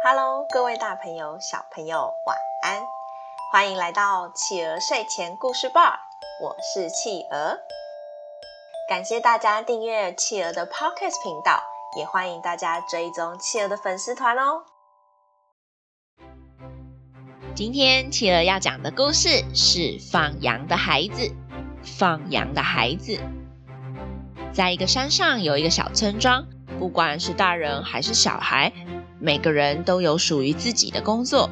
Hello，各位大朋友、小朋友，晚安！歡迎來到企鵝睡前故事吧，我是企鵝。感謝大家訂閱企鵝的 Podcast 頻道，也歡迎大家追蹤企鵝的粉絲團哦。今天企鵝要講的故事是《放羊的孩子》。放羊的孩子，在一個山上有一個小村莊，不管是大人還是小孩。每個人都有屬於自己的工作。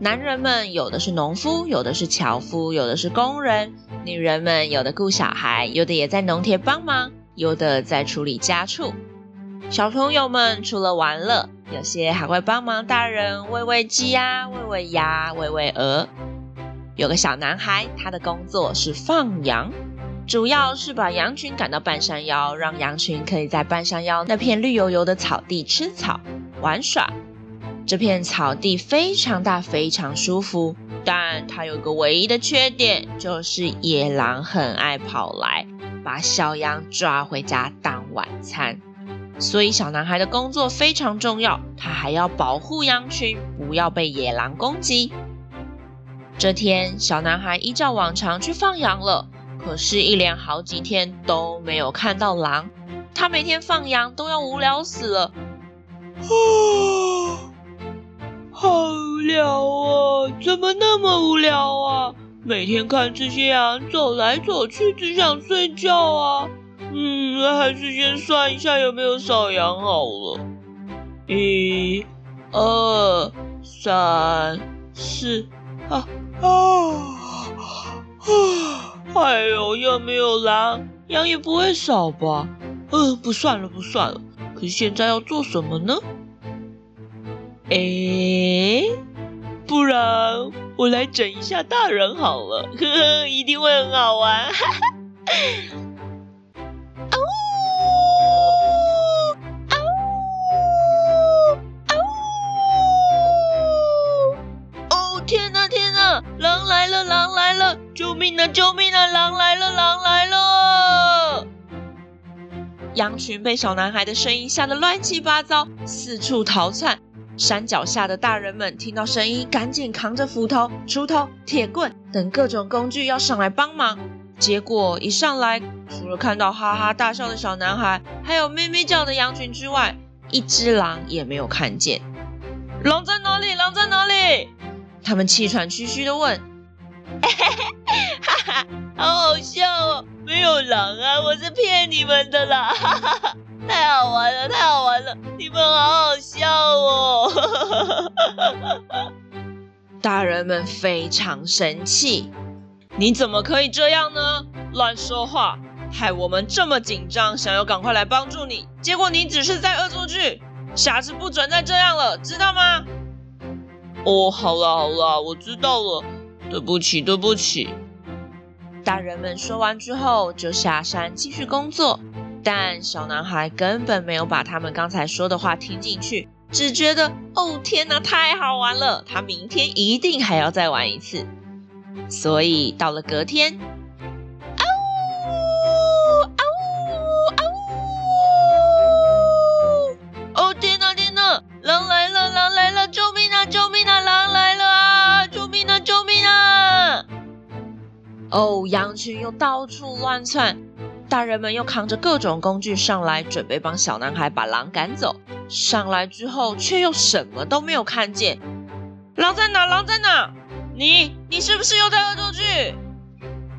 男人們有的是農夫，有的是樵夫，有的是工人；女人們有的顧小孩，有的也在農田幫忙，有的在處理家畜。小朋友們除了玩樂，有些還會幫忙大人餵餵雞啊，餵餵鴨，餵餵鵝。有個小男孩，他的工作是放羊，主要是把羊群趕到半山腰，讓羊群可以在半山腰那片綠油油的草地吃草玩耍，這片草地非常大，非常舒服，但它有個唯一的缺點，就是野狼很愛跑來，把小羊抓回家當晚餐。所以小男孩的工作非常重要，他還要保護羊群，不要被野狼攻擊。這天，小男孩依照往常去放羊了，可是，一連好幾天都沒有看到狼，他每天放羊都要無聊死了。啊，好無聊啊！怎麼那麼無聊啊？每天看這些羊走來走去，只想睡覺啊。嗯，還是先算一下有沒有少羊好了。一、二、三、四，啊啊啊！哎呦，又沒有狼，羊也不會少吧？嗯、呃，不算了，不算了。可現在要做什麼呢？哎、欸，不然我來整一下大人好了，呵呵，一定會很好玩。哈哈。啊嗚啊嗚啊嗚！哦，天哪、啊，天哪、啊，狼來了，狼來了，救命啊，救命啊，狼來了，狼！羊群被小男孩的聲音嚇得亂七八糟，四處逃竄。山腳下的大人們聽到聲音，趕緊扛着斧頭、鋤頭、鐵棍等各種工具要上來幫忙。結果一上來，除了看到哈哈大笑的小男孩，還有咩咩叫的羊群之外，一隻狼也沒有看見。狼在哪裡？狼在哪裡？他們氣喘吁吁地問。哈哈，好好笑哦。沒有狼啊！我是騙你們的啦， 太好玩了，太好玩了！你們好好笑哦！ 大人們非常生氣，你怎麼可以這樣呢？亂說話，害我們這麼緊張，想要趕快來幫助你，結果你只是在惡作劇，下次不准再這樣了，知道嗎？哦，好了好了，我知道了，對不起對不起。大人們說完之後，就下山繼續工作。但小男孩根本沒有把他們剛才說的話聽進去，只覺得，哦，天哪，太好玩了！他明天一定還要再玩一次。所以到了隔天。哦，oh, 羊群又到處亂竄，大人們又扛着各種工具上來，準備幫小男孩把狼趕走。上來之後，卻又什麼都沒有看見。狼在哪？狼在哪？你，你是不是又在惡作劇？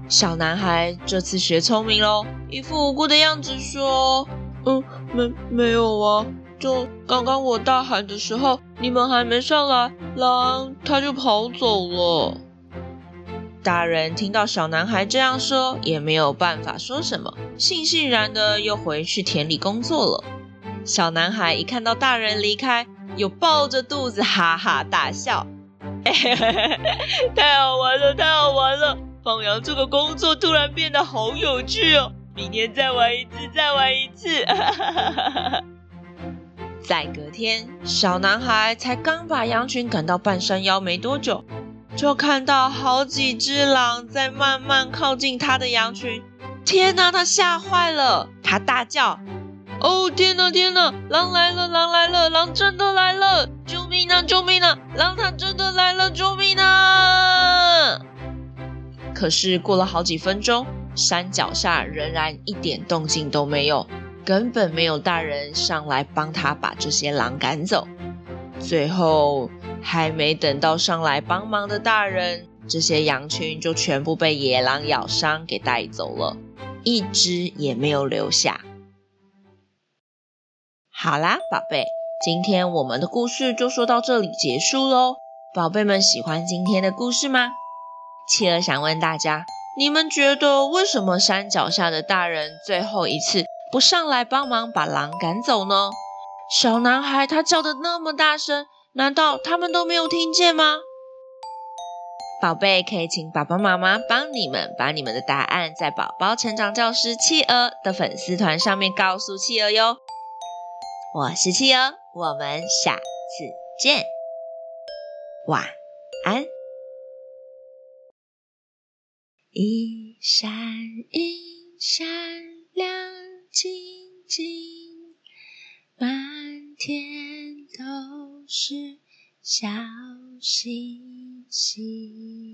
小男孩這次學聰明囉，一副無辜的樣子說：“嗯，沒沒有啊，就剛剛我大喊的時候，你們還沒上來，狼他就跑走了。”大人聽到小男孩這樣說，也沒有辦法說什麼，悻悻然的又回去田裡工作了。小男孩一看到大人離開，又抱着肚子哈哈大笑， 太好玩了，太好玩了！放羊這個工作突然變得好有趣哦，明天再玩一次，再玩一次。 在隔天，小男孩才剛把羊群趕到半山腰沒多久。就看到好幾隻狼在慢慢靠近他的羊群，天哪，他嚇壞了，他大叫：“哦，天吶，天吶，狼來了，狼來了，狼真的來了！救命啊，救命啊，狼它真的來了！救命啊！”可是過了好幾分鐘，山腳下仍然一點動靜都沒有，根本沒有大人上來幫他把這些狼趕走。最後，還沒等到上來幫忙的大人，這些羊群就全部被野狼咬傷，給帶走了，一只也沒有留下。好啦，寶貝，今天我們的故事就說到這裡結束嘍。寶貝們喜歡今天的故事嗎？企鵝想問大家，你們覺得為什麼山腳下的大人最後一次不上來幫忙把狼趕走呢？小男孩他叫得那麼大聲，難道他們都沒有聽見嗎？寶貝，可以請爸爸媽媽幫你們把你們的答案在寶寶成長教室企鵝的粉絲團上面告訴企鵝喲。我是企鵝，我們下次見，晚安。一閃一閃亮晶晶。天都是笑嘻嘻。